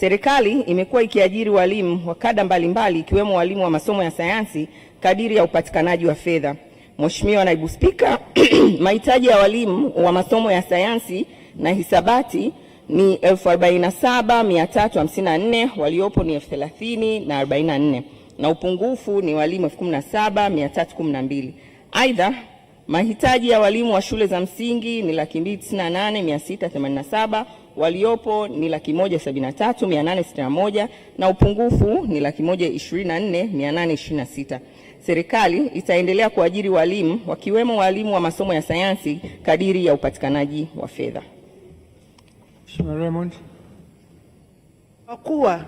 Serikali imekuwa ikiajiri walimu wa kada mbalimbali ikiwemo walimu wa masomo ya sayansi kadiri ya upatikanaji wa fedha. Mheshimiwa Naibu Spika, mahitaji ya walimu wa masomo ya sayansi na hisabati ni 47354 waliopo ni 30044 na upungufu ni walimu 17312. Aidha, mahitaji ya walimu wa shule za msingi ni 298,687 waliopo ni laki moja sabini na tatu mia nane sitini na moja na upungufu ni laki moja ishirini na nne mia nane ishirini na sita. Serikali itaendelea kuajiri walimu wakiwemo walimu wa masomo ya sayansi kadiri ya upatikanaji wa fedha. Mheshimiwa Raymond, kwa kuwa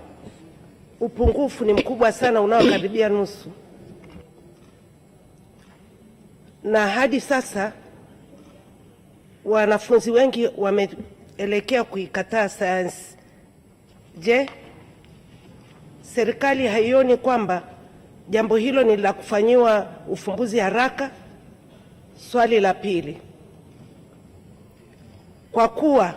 upungufu ni mkubwa sana unaokaribia nusu, na hadi sasa wanafunzi wengi wame elekea kuikataa sayansi. Je, serikali haioni kwamba jambo hilo ni la kufanyiwa ufumbuzi haraka? Swali la pili, kwa kuwa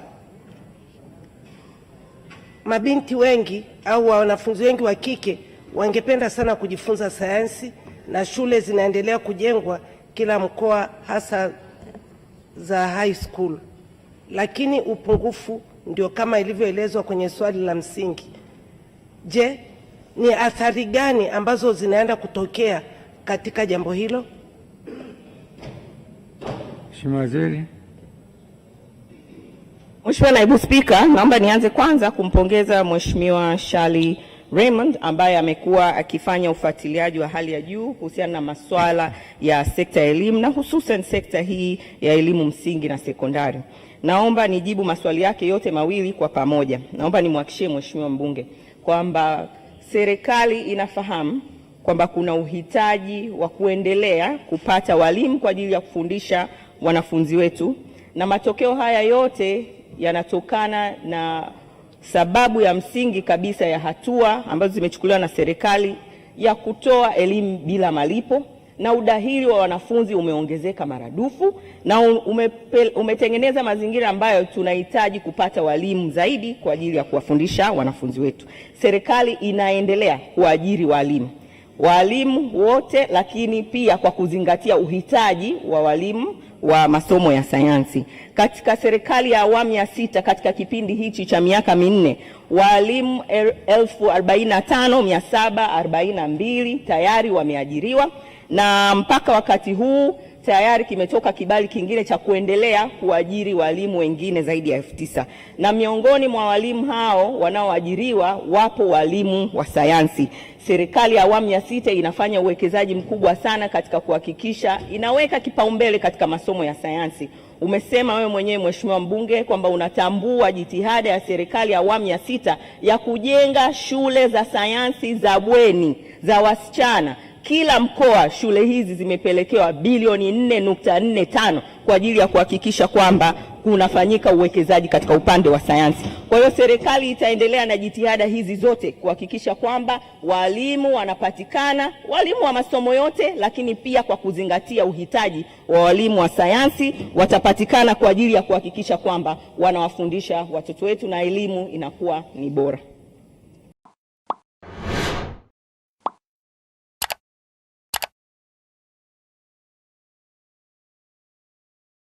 mabinti wengi au wanafunzi wengi wa kike wangependa sana kujifunza sayansi na shule zinaendelea kujengwa kila mkoa, hasa za high school lakini upungufu ndio kama ilivyoelezwa kwenye swali la msingi. Je, ni athari gani ambazo zinaenda kutokea katika jambo hilo? Mheshimiwa Waziri. Mheshimiwa Naibu Spika, naomba nianze kwanza kumpongeza Mheshimiwa Shali Raymond ambaye amekuwa akifanya ufuatiliaji wa hali ya juu kuhusiana na masuala ya sekta ya elimu na hususan sekta hii ya elimu msingi na sekondari. Naomba nijibu maswali yake yote mawili kwa pamoja. Naomba nimhakishie Mheshimiwa mbunge kwamba serikali inafahamu kwamba kuna uhitaji wa kuendelea kupata walimu kwa ajili ya kufundisha wanafunzi wetu, na matokeo haya yote yanatokana na Sababu ya msingi kabisa ya hatua ambazo zimechukuliwa na serikali ya kutoa elimu bila malipo na udahili wa wanafunzi umeongezeka maradufu na umepe, umetengeneza mazingira ambayo tunahitaji kupata walimu zaidi kwa ajili ya kuwafundisha wanafunzi wetu. Serikali inaendelea kuajiri walimu walimu wote, lakini pia kwa kuzingatia uhitaji wa walimu wa masomo ya sayansi. Katika serikali ya awamu ya sita, katika kipindi hichi cha miaka minne, walimu elfu mia saba mbili tayari wameajiriwa na mpaka wakati huu tayari kimetoka kibali kingine cha kuendelea kuajiri walimu wengine zaidi ya elfu tisa na miongoni mwa walimu hao wanaoajiriwa wapo walimu wa sayansi. Serikali ya awamu ya sita inafanya uwekezaji mkubwa sana katika kuhakikisha inaweka kipaumbele katika masomo ya sayansi. Umesema wewe mwenyewe Mheshimiwa Mbunge kwamba unatambua jitihada ya serikali ya awamu ya sita ya kujenga shule za sayansi za bweni za wasichana kila mkoa shule hizi zimepelekewa bilioni 4.45 kwa ajili ya kuhakikisha kwamba kunafanyika uwekezaji katika upande wa sayansi. Kwa hiyo serikali itaendelea na jitihada hizi zote kuhakikisha kwamba walimu wanapatikana, walimu wa masomo yote, lakini pia kwa kuzingatia uhitaji wa walimu wa sayansi watapatikana kwa ajili ya kuhakikisha kwamba wanawafundisha watoto wetu na elimu inakuwa ni bora.